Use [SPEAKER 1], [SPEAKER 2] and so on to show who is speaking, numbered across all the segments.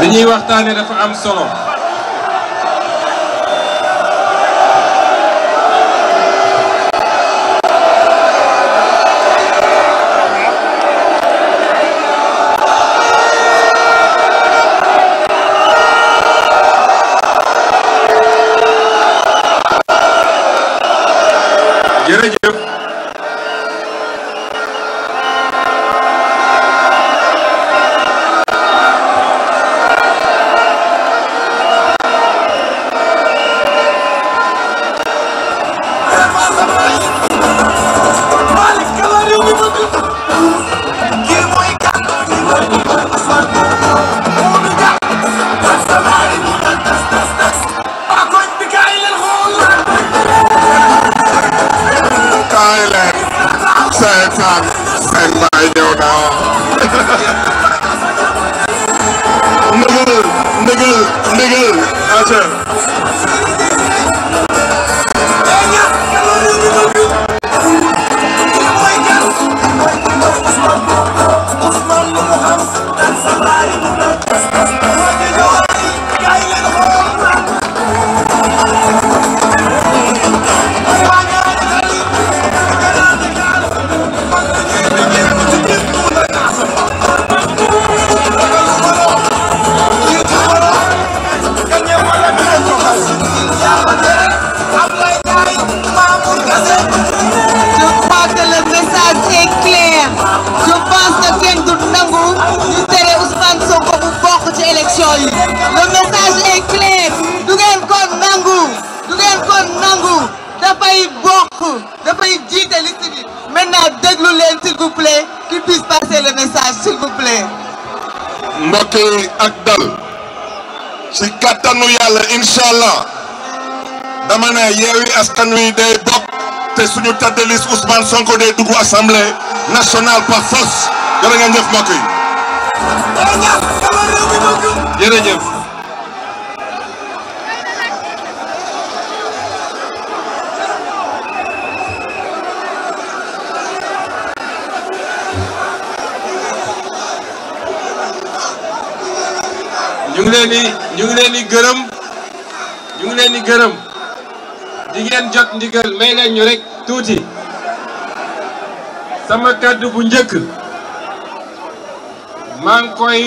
[SPEAKER 1] li ñuy waxtaane dafa am solo naan ay mbaay ñëw naa ndëgal ndëgal ndëgal je pense du nangu ñu tere Ousmane Sonko mu bokk ci élection yi le message est clair du ngeen ko nangu dafay bokk dafay jiite liste bi maintenant déglu leen s'il vous plaît qu'il passer le message s'il vous plaît ak dal ci kattanu yàlla incha allah dama ne yeewi askan wi day bokk te suñu tête de liste Ousmane Sonko day dugg assemblée nationale par force jërë ngeen jërëjëf. ñu ngi leen leen di gërëm ñu ngi leen di gërëm. di ngeen jot ndigal may leen ñu rek tuuti sama kàddu bu njëkk maa ngi koy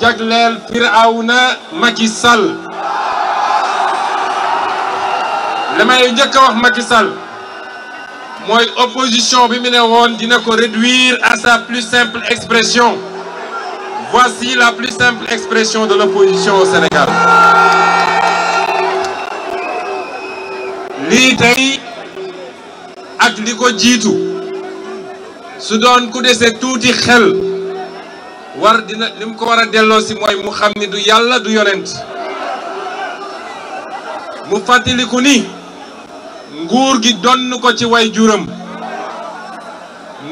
[SPEAKER 1] jagleel Firawna Macky Sall li may njëkk a wax Macky Sall mooy opposition bi mu ne woon dina ko réduire à sa plus simple expression voici la plus simple expression de l'opposition au Sénégal lii tey ak li ko jiitu su doon ku dese tuuti xel war dina li ko war a delloo si mooy mu xam ni du yàlla du yonent mu fàttaliku ni nguur gi donn ko ci way juram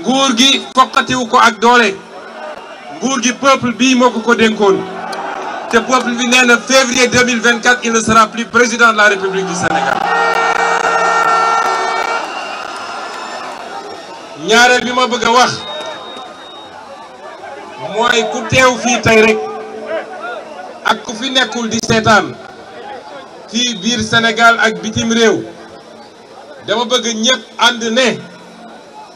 [SPEAKER 1] nguur gi foqatiwu ko ak doole nguur gi peuple bii moo ko denkoon te peuple bi nee na février 2024 il ne sera plus président la République du Sénégal ñaareel bi ma bëgg a wax mooy ku teew fii tey rek ak ku fi nekkul di seetaan ci biir Sénégal ak bitim réew dama bëgg ñëpp ànd ne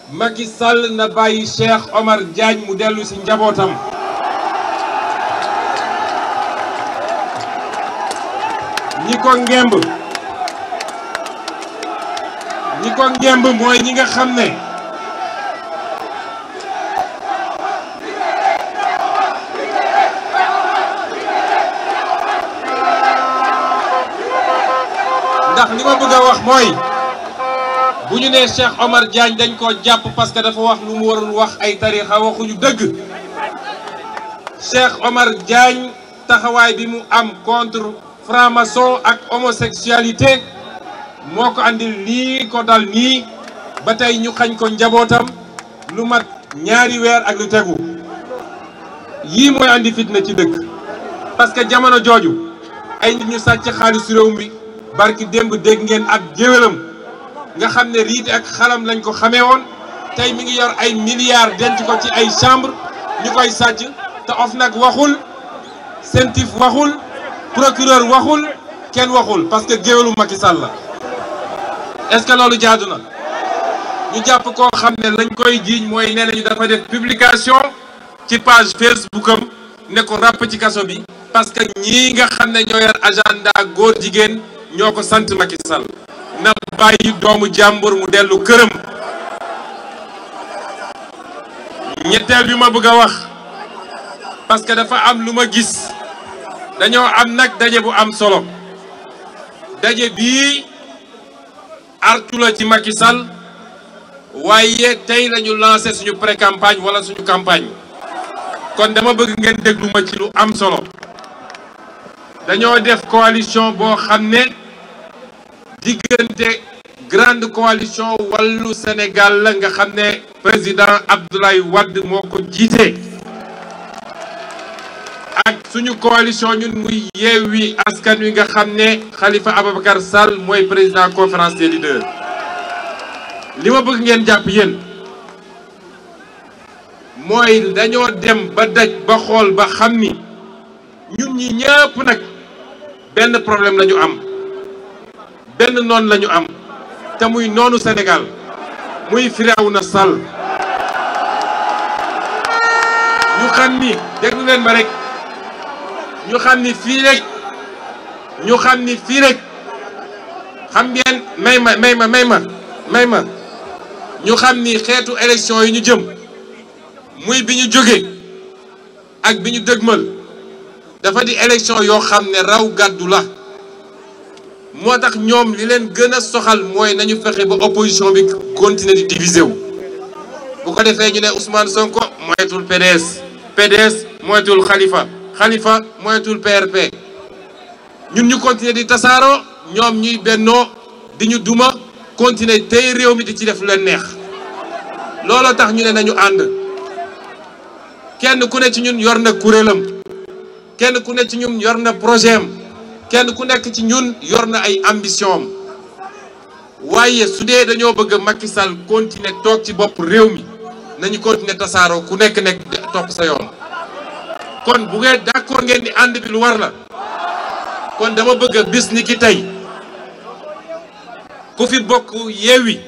[SPEAKER 1] Macky Sall na bàyyi Cheikh Omar Diagne mu dellu ci njabootam ñi ko ngemb ñi mooy ñi nga xam ne ndax li ma bëgg wax mooy bu ñu nee Cheikh Omar Diagne dañ ko jàpp parce que dafa wax lu mu warul wax ay tarixa waxuñu dëgg Cheikh Omar Diagne taxawaay bi mu am contre franc-maçon ak homosexualité moo ko andil lii ko dal nii ba tey ñu xañ ko njabootam lu mat ñaari weer ak lu tegu yii mooy andi fitna ci dëkk parce que jamono jooju ay nit ñu sàcc xaalis réew mi barki démb dégg ngeen ak géwélam nga xam ne riite ak xalam lañ ko xamee woon tey mi ngi yor ay milliards denc ko ci ay chambre ñu koy sàcc te OFNAC waxul sentif waxul procureur waxul kenn waxul parce que géwélu Macky Sall la est-ce que loolu jaadu ñu jàpp koo xam ne lañ koy jiiñ mooy nee nañu dafa def publication ci page Facebook am ne ko ràpp ci kaso bi parce que ñii nga xam ne ñoo yor agenda góor jigéen ñoo ko sant Macky Sall na bàyyi doomu jàmbur mu dellu këram ñetteel bi ma bëgg a wax parce que dafa am lu ma gis dañoo am nag daje bu am solo daje bii artu la ci Macky Sall waaye tey lañu lancé suñu pré-campagne wala suñu campagne kon dama bëgg ngeen déglu ma ci lu am solo dañoo def coalition boo xam ne diggante grande coalition wàllu Sénégal la nga xam ne président Abdoulaye Wade moo ko jiite ak suñu coalition ñun muy Yewwi Askan Wi nga xam ne Khalifa Ababacar Sall mooy président conférence des leaders li bëgg ngeen jàpp yéen mooy dañoo dem ba daj ba xool ba xam ni ñun ñi ñëpp nag benn problème lañu am benn noon lañu am te muy noonu Sénégal muy Firawna Sall ñu xam ni déglu leen ma rek ñu xam ni fii rek ñu xam ni fii rek xam ngeen may ma may ma ma ma ñu xam ni xeetu élection yi ñu jëm muy bi ñu jóge ak bi ñu dëgmal dafa di élection yoo xam ne raw gàddu la moo tax ñoom li leen gën a soxal mooy nañu fexe ba opposition bi continuer di diviser wu bu ko defee ñu ne Ousmane Sonko moyetul PDS PDS moyetul xalifa Khalifa moyetul PRP ñun ñu continuer di tasaaroo ñoom ñuy bennoo di ñu duma continuer tey réew mi di ci def leen neex looloo tax ñu ne nañu ànd kenn ku ne ci ñun yor na kuréelam kenn ku ne ci ñun yor na projet am kenn ku nekk ci ñun yor na ay ambition am waaye su dee dañoo bëgg a Macky Sall continuer toog ci bopp réew mi nañu continuer tasaaroo ku nekk nekk topp sa yoon. kon bu ngeen d'accord ngeen di ànd bi lu war la kon dama bëgg a bis ni ki tey ku fi bokk yeewi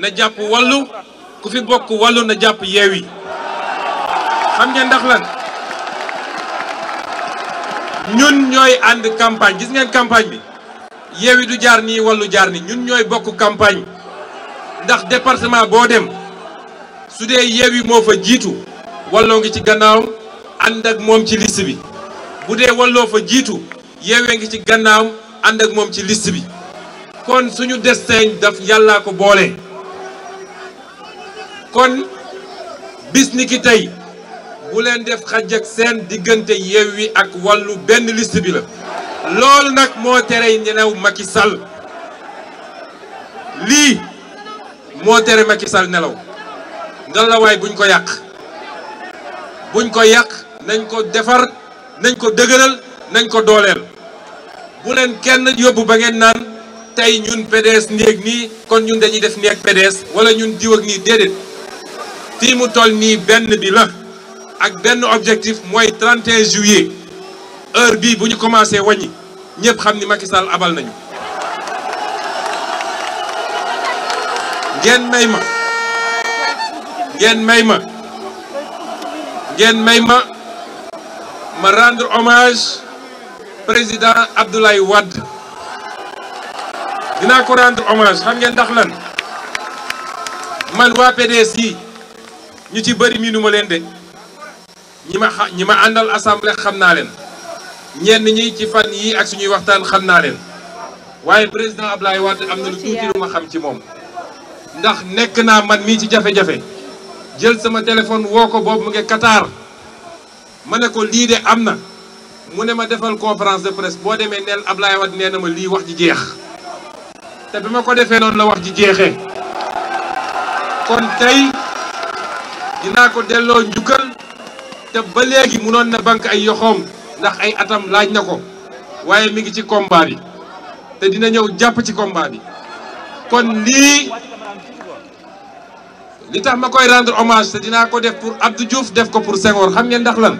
[SPEAKER 1] na jàpp wallu ku fi bokk wallu na jàpp yeewi xam ngeen ndax lan. ñun ñooy ànd campagne gis ngeen campagne bi Yewwi du jaar nii Wallu jaar ni ñun ñooy bokk campagne ndax département boo dem su dee Yewwi moo fa jiitu Wallu ngi ci gannaaw ànd moom ci liste bi bu dee Walloo jiitu Yewwi ngi ci gannaawam ànd ak moom ci list bi kon suñu destin daf yàllaa ko boole kon bis tey buleen def xaj ak seen diggante wi ak wàllu benn list bi la lool nag moo tere nelaw Macky Sall lii moo tere Macky Sall nelaw ngalawaay buñ ko yàq buñ ko yàq nañ ko defar nañ ko dëgëral nañ ko dooleel bu leen kenn yóbbu ba ngeen naan tey ñun PDS néeg nii kon ñu dañuy def néeg PDS wala ñun diw ak nii déedéet fii mu toll nii benn bi la ak benn objectif mooy 31 juillet heure bii bu ñu commencé wàññi ñëpp xam ni Macky Sall abal nañu ngeen may ma ngeen may ma ngeen may ma ma rendre hommage président Abdoulaye Wade dinaa ko rendre hommage xam ngeen ndax lan man waa PDS yi ñu ci bëri miinuma leen de ñi ma xa ñi ma àndal assemblée xam naa leen ñenn ñi ci fan yii ak suñuy waxtaan xam naa leen waaye président Ablaye Wade am na lu tuuti lu ma xam ci moom. ndax nekk naa man mii ci jafe-jafe jël sama téléphone woo ko boobu mu ngi Qatar ma ne ko lii de am na mu ne ma defal conférence de presse boo demee neel Ablaye Wade nee na ma lii wax ji jeex te bi ma ko defee noonu la wax ji jeexee kon tey dinaa ko delloo njukkal. te ba léegi mu munoon na banque ay yoxoom ndax ay atam laaj na ko waaye mi ngi ci combat yi te dina ñëw jàpp ci combat yi kon lii li tax ma koy rendre hommage te dinaa ko def pour Abdou Diouf def ko pour Senghor xam ngeen ndax lan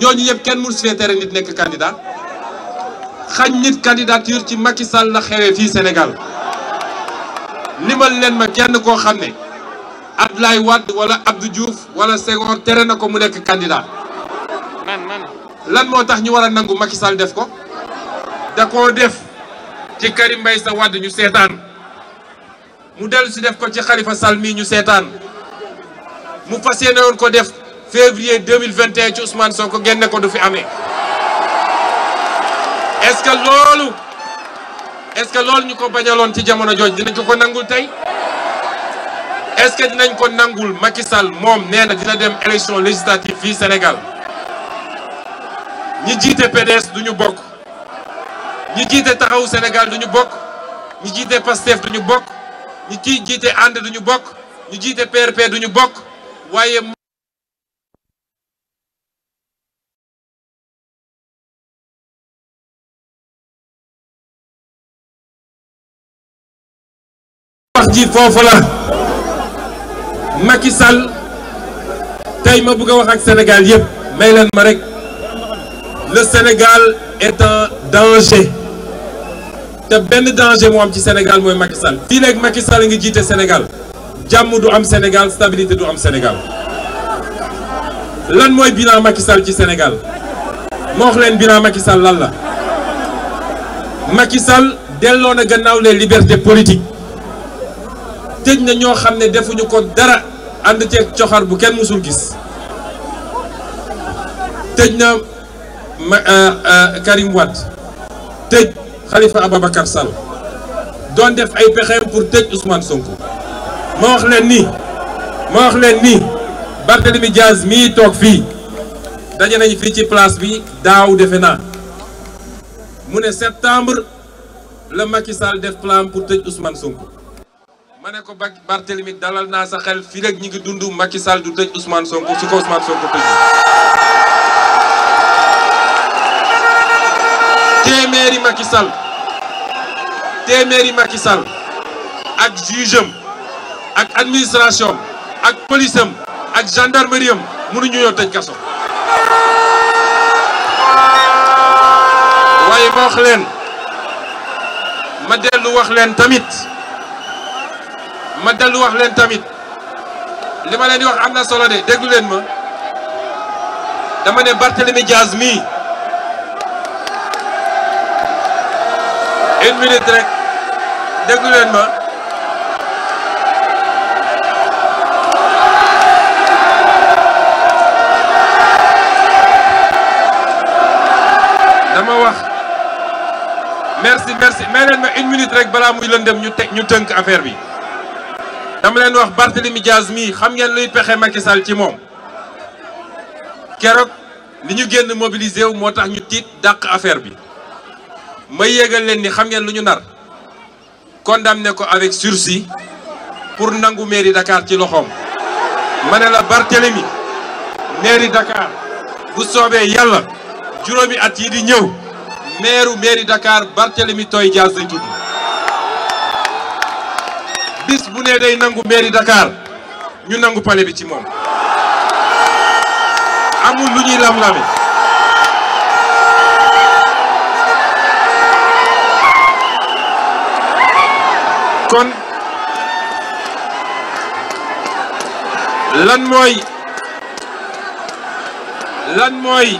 [SPEAKER 1] ñooñu ñëpp kenn mënu si fee tere nit nekk candidat xañ nit candidature ci Macky Sall xewee fii Sénégal limal leen ma kenn koo xam ne Abdoulaye Wade wala Abdou Diouf wala Senghor tere na ko mu nekk candidat lan moo tax ñu war a nangu Macky Sall def ko da koo def ci Karim mbay sa Wade ñu seetaan mu dellu si def ko ci Khalifa sal mii ñu seetaan mu fas yéene woon ko def février 2021 ci Ousmane Sonko génne ko du fi amee est-ce que loolu est-ce que loolu ñu ko bañaloon ci jamono jooj dinañ ko ko nangul tey est-ce dinañ ko nangul Macky Sall moom nee na dina dem élection législative fii Sénégal ñi jiite PDS duñu bokk ñi jiite taxawu Sénégal duñu bokk ñi jiite PASTEF duñu bokk ñi ciy jiite ànd duñu bokk ñi jiite PRP duñu bokk waaye wax ji foofu la Macky Sall tey ma bugga a wax ak Sénégal yëpp may leen ma rek le Sénégal est en danger te benn danger moo am ci Sénégal mooy Macky Sall fii léegi Macky Sall ngi jiite Sénégal jàmm du am Sénégal stabilité du am Sénégal lan mooy bilan makisal ci Sénégal moo wax leen bilan Macky Sall lan la Macky Sall delloo na gannaaw les libertés politiques tëj na ñoo xam ne defuñu ko dara ànd ceeg coxar bu kenn mësul gis tëj na ma euh, euh, Karim Wade tëj Khalifa Ababacar Sall doon def ay pexeem pour tëj Ousmane Sonko ma wax leen ni ma wax leen ni Barthélemy Diaz mii toog fii daje nañu fii ci place bi daaw defe naa mu ne septembre la Macky Sall def plan pour tëj usman Sonko. ma ne ko ba Barthélemy dalal naa sa xel fii ñi ngi dund Macky Sall du tëj Ousmane Sonko su ko Ousmane Sonko tëj téeméeri Macky ak juge am ak administration am ak police ak gendarmerie am mënuñu ñoo tëj kaso waaye ma wax leen ma dellu wax leen tamit ma dellu wax leen tamit li ma leen di wax am na solo de déglu leen ma dama ne Barthélemy mii une minute leen ma dama wax merci merci may leen ma une minute rek balaa muy lëndëm ñu teg ñu tënk affaire bi dama leen wax Barthélemy Diaz mii xam ngeen luy pexe Macky Sall ci moom keroog li ñu génn mobilisé wu moo tax ñu tiit dàq affaire bi may yégal leen ni xam ngeen lu ñu nar condamné ko avec sursis pour nangu mairie Dakar ci loxoom ma ne la Barthélemy mairie Dakar bu soobee yàlla juróomi at yi di ñëw maireu mairie Dakar Barthélemy Toye Dias lay bis bu ne day nangu mairie Dakar ñu nangu palais bi ci moom amul lu ñuy lam-lame kon lan mooy lan mooy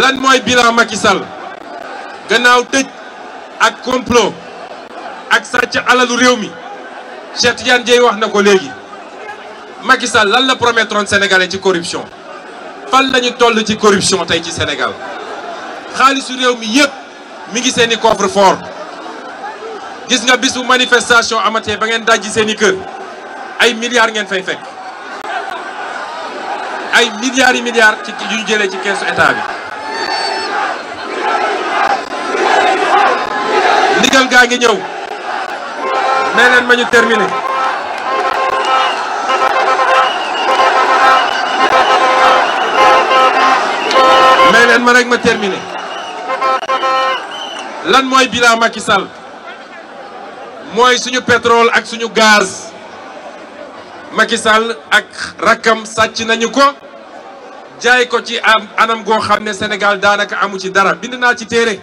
[SPEAKER 1] lan mooy bilan gannaaw tëj ak complot ak sàcc alalu réew mi Cheikh Tidiane Dieye wax na ko léegi Macky Sall lan la promettroon sénégalais ci corruption fan lañu toll ci corruption tey ci Sénégal xaalisu réew mi yépp mi ngi seen i coffre fort gis nga bisu manifestation amatee ba ngeen dajji seen i kër ay milliards ngeen fay fekk ay milliards yi milliards ci yu jëlee ci keesu état bi. ndigal gaa ngi ñëw. mais leen ma ñu terminé. mais leen ma rek lan mooy bilan Macky Sall mooy suñu pétrole ak suñu gaz Macky Sall ak rakkam sàcc nañu ko jaay ko ci anam goo xam ne Sénégal daanaka amu ci dara bind naa ci téere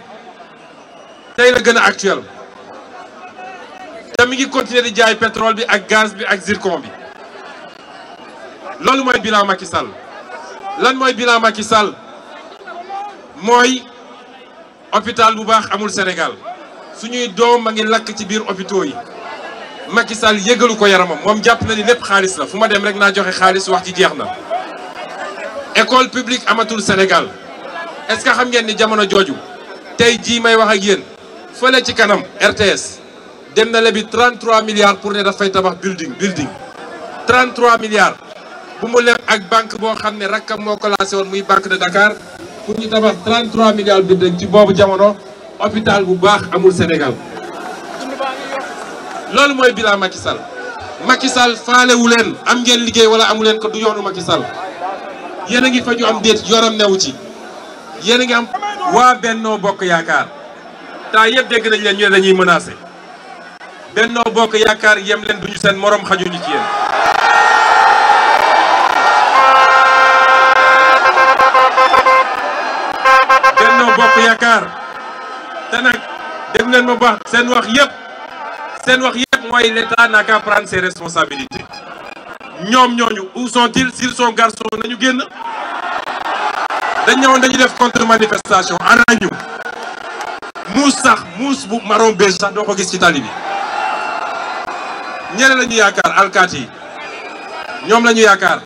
[SPEAKER 1] tey la gën actuel. te mi ngi continuer di jaay pétrole bi ak gaz bi ak zircon bi loolu mooy Sall lan mooy bilan Macky Sall mooy hôpital bu baax amul Sénégal suñuy doom a ngi lakk ci biir hôpitaux yi Macky Sall yëgalu ko yaramam moom jàpp na ni lépp xaalis la fu ma dem rek naa joxe xaalis wax ci jeex na école publique amatul Sénégal est-ce que xam ngeen ni jamono jooju tey jii may wax ak yéen fële ci kanam RTS dem na lebi 33 milliards pour ne daf fay tabax building building 33 milliards bu mu leb ak banque boo xam ne rakkam moo ko lancé woon muy banque de Dakar pour ñu tabax 33 milliards building ci boobu jamono hôpital bu baax amul Sénégal loolu mooy bilan Macky Sall Macky Sall faalewu leen am ngeen liggéey wala amu leen ko du yoonu Macky Sall yéen a ngi faju am déet yoram newu ci yéen a ngi am waa Bennoo Bokk Yaakaar temps yëpp dégg nañ leen ñu ne dañuy menacé Bennoo Bokk Yaakaar yem leen duñu seen morom xajuñu ci yéen Bennoo Bokk Yaakaar te nag dégg leen ma baax seen wax yëpp seen wax yëpp mooy l'état n'a qu'à prendre ses responsabilités ñoom ñooñu où sont-ils s'ils sont garçons nañu génn dañ ñëwoon dañu def contre manifestation ana ñu muus sax muus bu marron beige sax doo ko gis ci tali bi ñële la ñu yaakaar alkaat yi ñoom lañu yaakaar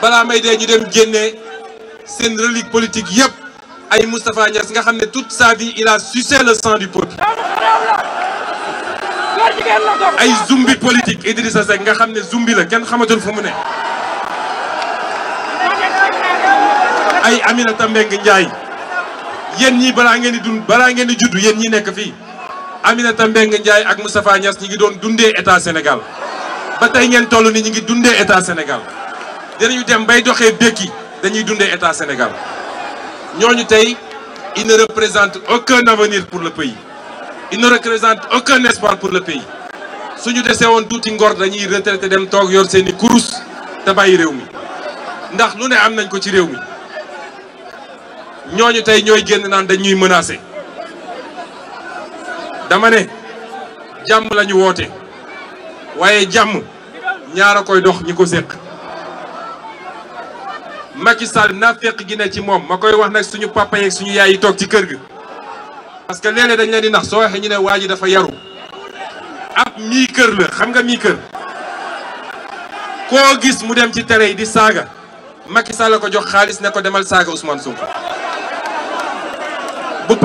[SPEAKER 1] balaa may dee ñu dem génne seen relique politique yépp ay Moustapha Niass nga xam ne toute sa vie il a sucé le sang du peuple ay zumbi politique Idrissa Seck nga xam ne zumbi la kenn xamatul fu mu ne ay Aminata Mbengue Ndiaye yéen ñi balaa ngeen di balaa ngeen di juddu yéen ñi nekk fii Aminata Mbengue Ndiaye ak Moustapha Niass ñi ngi doon dundee état Sénégal ba tey ngeen toll ni ñi ngi dundee état Sénégal dinañu dem bay doxee békki dañuy dundee état Sénégal ñooñu tey il ne représente aucun avenir pour le pays il ne représente aucun espoir pour le pays suñu desee woon tuuti ngor dañuy retraité dem toog yor seeni kurus te bàyyi réew mi ndax lu ne am nañ ko ci réew mi ñooñu tey ñooy génn naan dañuy menacé dama ne jàmm lañu woote waaye jàmm ñaar a koy dox ñi ko séq Macky Sall naa féq gi ne ci moom ma koy wax nag suñu papa suñu yaay yi toog ci kër gi parce que léeg-léeg dañ leen di nax soo waxee ñu ne waa ji dafa yaru ab mii kër la xam nga mii kër koo gis mu dem ci tere yi di saaga Macky Sall ko jox xaalis ne ko demal saaga Ousmane Sonko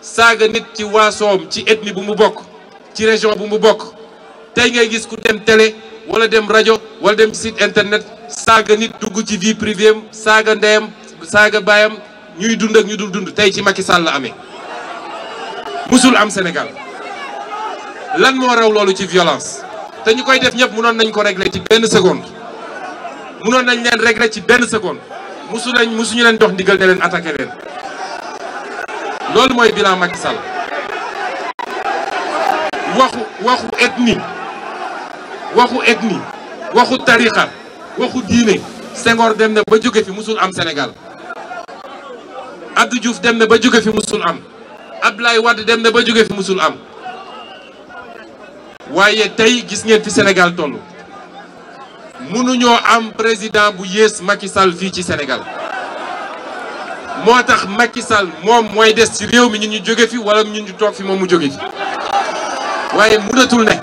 [SPEAKER 1] saaga nit ci waasoom ci ethnie bu mu bokk ci région bu mu bokk tey ngay gis ku dem télé wala dem rajo wala dem site internet saaga nit dugg ci vie privée am saaga ndeyam saaga baayam ñuy dund ak ñu dul dund tey ci Macky Sall la amee musul am Sénégal lan moo raw loolu ci violence te ñu koy def ñëpp mënoon nañ ko régler ci benn seconde mënoon nañ leen régler ci benn seconde musu nañ musuñu leen dox ndigal ne leen attaqué leen loolu mooy bilan Macky Sall waxu waxu ethnie waxu ethnie waxu tarixa waxu diine sengoor dem na ba jóge fi musul am senegal Abdou juf dem ba jóge fi musul am Abdoulaye Wade dem na ba jóge fi musul am waaye tey gis ngeen fi Sénégal toll mënuñoo am président bu yées Macky Sall fii ci senegal moo tax Macky Sall moom mooy des ci réew mi ñu ñu jóge fi wala ñun ñu toog fi moom mu jóge fi waaye mënatul ne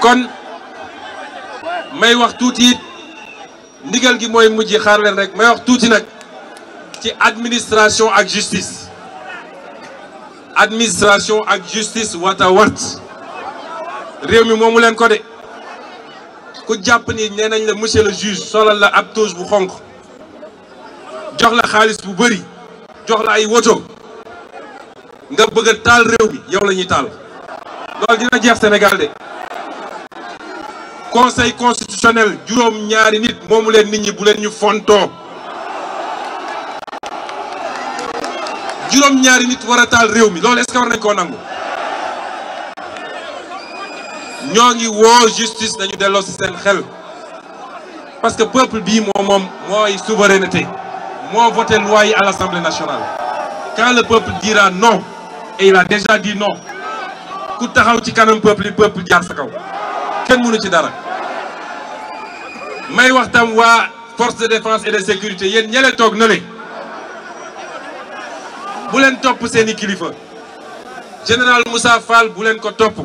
[SPEAKER 1] kon may wax tuuti it ndigal gi mooy mujj xaar rek may wax tuuti nag ci administration ak justice administration ak justice wata wat réew mi moomu leen ko de ku jàpp ni nee nañ la monsieur le juge solal la ab toge bu xonq jox la xaalis bu bari jox la ay woto nga bëgg a taal réew mi yow la ñuy taal loolu dina jeex Sénégal de conseil constitutionnel juróom ñaari nit moomu leen nit ñi bu leen ñu fontoo juróom ñaari nit war a taal réew mi loolu est war nañ koo nangu ñoo ngi woo justice dañu delloo ci seen xel parce que peuple bii moom moom mooy souveraineté moo voté loi yi à l'Assemblée nationale quand le peuple dira non et il déjà dit non ku taxaw ci kanam peuple yi peuple jaar sa kaw kenn mënu ci dara may wax tam waa force de défense et de sécurité yéen ñele toog na le bu leen topp seeni kilifa général Moussa Fall bu leen ko topp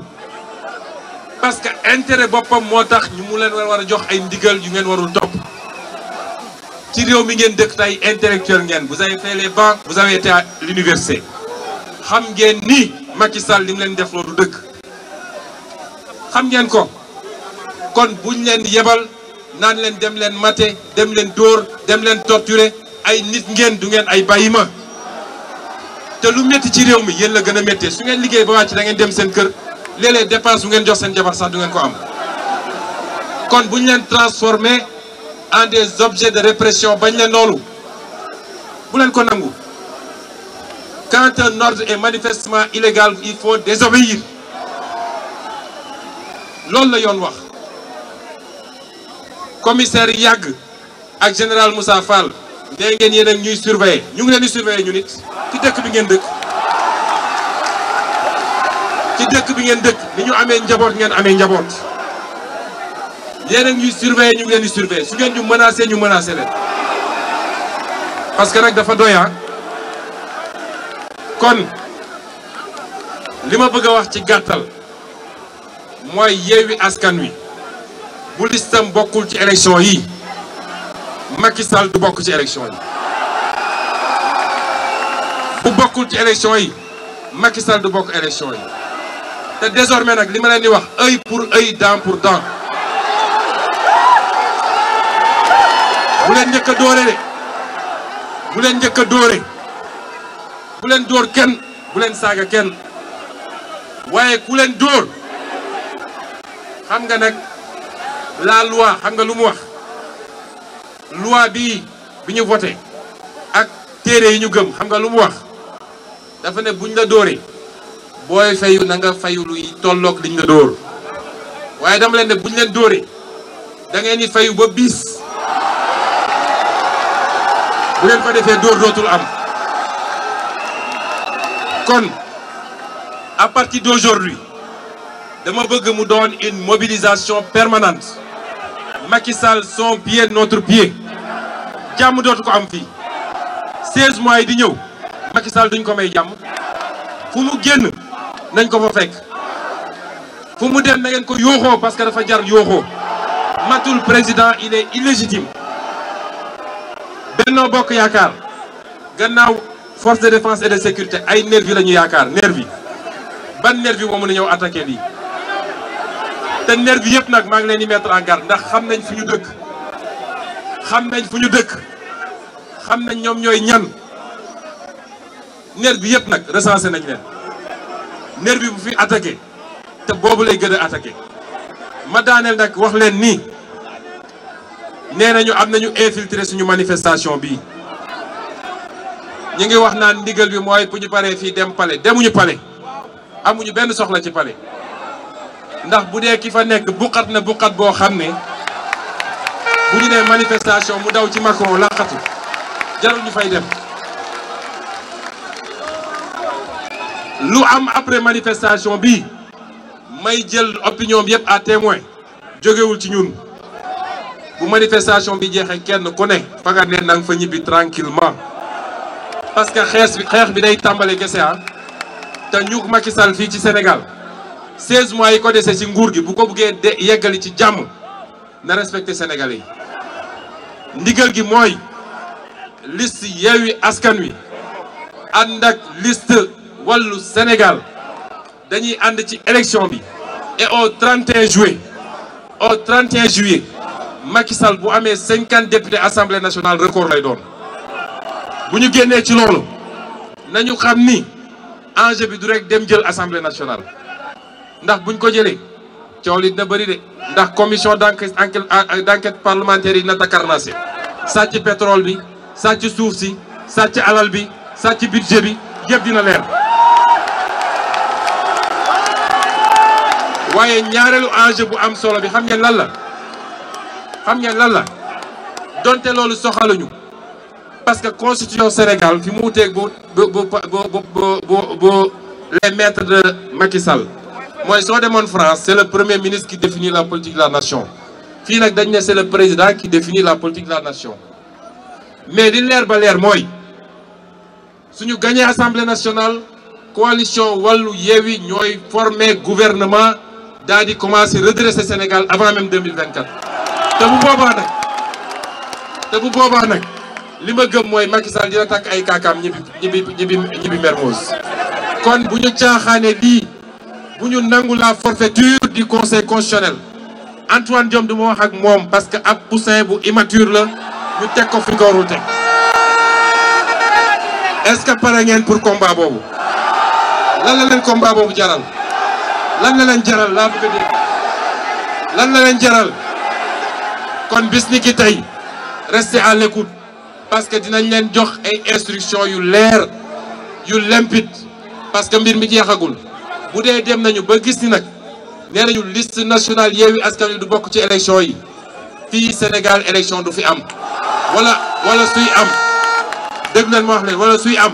[SPEAKER 1] parce que intérêt boppam moo tax ñu mu leen war a jox ay ndigal yu ngeen warul topp ci réew mi ngeen dëkk ay intellectuel ngeen vous avez fait les banques vous avez été à xam ngeen ni Macky Sall li mu leen def loolu dëkk xam ngeen ko kon buñ leen yebal naan leen dem leen maté dem leen dóor dem leen torturer ay nit ngeen du ngeen ay bàyyi ma te lu métti ci réew mi yéen la gën a méttee su ngeen liggéey ba wàcc da ngeen dem seen kër léeg dépense bu ngeen jox seen jabar sax du ngeen ko am kon bu ñu leen transformer en des objets de répression bañ leen loolu bu leen ko nangu quand un ordre est manifestement illégal il faut désobéir loolu la yoon wax commissaire yàgg ak général Moussa Fall. dégg ngeen yeneen ñuy surveiller ñu ngi leen di surveiller ñu nit ci dëkk bi ngeen dëkk. ci dëkk bi ngeen dëkk ni ñu amee njaboot ngeen amee njaboot yéen a ñuy surveiller ñu ngeen di surveiller su ngeen ñu menacé ñu menacé leen parce que nag dafa doya ah. kon li ma bëgg a wax ci gàttal mooy yeewi askan wi bu listam bokkul ci élection yi Macky Sall du bokk ci yi bu bokkul ci élection yi Macky Sall du bokk élection yi te désormais nag li ma leen di wax œil pour œil dent pour dent bu leen njëkk a dóore de bu leen njëkk a dóore bu leen dóor kenn bu leen saaga kenn waaye ku leen dóor xam nga nag la loi xam nga lu mu wax loi bi bi ñu voté ak téere yi ñu gëm xam nga lu mu wax dafa ne buñ la dóoree booy fayu nanga nga fayu luy tolloog liñ la dóor waaye dama leen bu ñu leen dóoree da ngeen di fayu ba bis bu leen ko defee dóor dootul am kon à partir d'aujourd'hui dama bëgg mu doon une mobilisation permanente Macky Sall son pied notre pied jàmm dootu ko am fii 16 mois yi di ñëw Macky Sall duñ ko may jàmm fu mu génn nañ ko fa fekk fu mu dem na ngeen ko yooxoo parce que dafa jar yooxoo matul président il est illégitime Benno Bokk Yaakaar gannaaw force de défense et de sécurité ay nervi la ñu yaakaar nervi ban nervi moo mën a ñëw attaqué yi te nervi yëpp nag maa ngi leen di mettre en garde ndax xam nañ fu ñu dëkk xam nañ fu ñu dëkk xam nañ ñoom ñooy ñan nervi yëpp nag recensé nañ leen nerf bi bu fi attaqué te boobu lay gën a madaaneel nag wax leen nii nee nañu am nañu infiltre suñu manifestation bii ñu ngi wax naan ndigal bi mooy pu ñu paree fii dem palais demuñu palais amuñu benn soxla ci palais ndax bu dee ki fa nekk buqat na buqat boo xam ne bu ñu nee manifestation mu daw ci Macron laqatu jarul ñu fay dem. lu am après manifestation bi may jël opinion bi yëpp à témoin jógewul ci ñun bu manifestation bi jeexee kenn ku ne fa nga ne na nga fa ñibbi tranquillement parce que xeex bi xeex bi day tàmbale kese ah. te ñu Macky Sall fii ci Sénégal 16 mois yi ko dese ci nguur gi bu ko buggee de yeggali ci jàmm na respecté Sénégalais yi ndigal gi mooy liste Yewwi Askan Wi ànd ak liste wàllu Sénégal dañuy ànd ci élection bi et au 31 juillet au 31 juillet Macky Sall bu amee cinquante députés assemblée nationale record lay doon bu ñu génnee ci loolu nañu xam ni enjeu bi du rek dem jël assemblée nationale ndax buñ ko jëlee coow li dina bëri de ndax commission d'enquête d'enquête parlementaire yi na takarnase sàcc pétrole bi sàcc suuf si sàcc alal bi sàcc budget bi yëpp dina leer waaye ñaareelu enjeu bu am solo bi xam ngeen lan la xam ngeen lan la donte loolu soxaluñu parce que constitution Sénégal fi mu wuteeg bu bu bu bu bu les maîtres de Macky mooy soo demoon France c'est le premier ministre qui définit la politique la nation fii nag dañ ne c'est le président qui définit la politique de la nation mais li leer ba leer mooy suñu gagné assemblée nationale coalition wàllu yeewi ñooy former gouvernement daa di commencer redresser Sénégal avant même 2024 te bu boobaa nag te bu boobaa nag li ma gëm mooy Macky Sall dina takk ay kaakaam ñibbi ñibbi ñibbi ñibbi Mermoz kon bu ñu caaxaane lii bu ñu nangu la forfaiture du conseil constitutionnel Antoine Diome du wax ak moom parce que a poussin bu immature la ñu teg ko fi ko est-ce que pare ngeen pour combat boobu lan la leen combat boobu jaral lan la leen jaral laa lan la leen kon bis ni ki tey restez à l'écoute parce que dinañ leen jox ay instructions yu leer yu limpide parce que mbir mi jeexagul bu dee dem nañu ba gis ni nag nee nañu liste nationale Yewwi Askan du bokk ci élection yi fii Sénégal élection du fi am wala wala suy am dégg leen ma wax leen wala suy am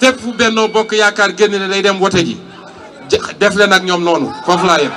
[SPEAKER 1] fépp fu Benno Bokk Yaakaar génn ne day dem wote ji def leen ak ñoom noonu foofu laa yem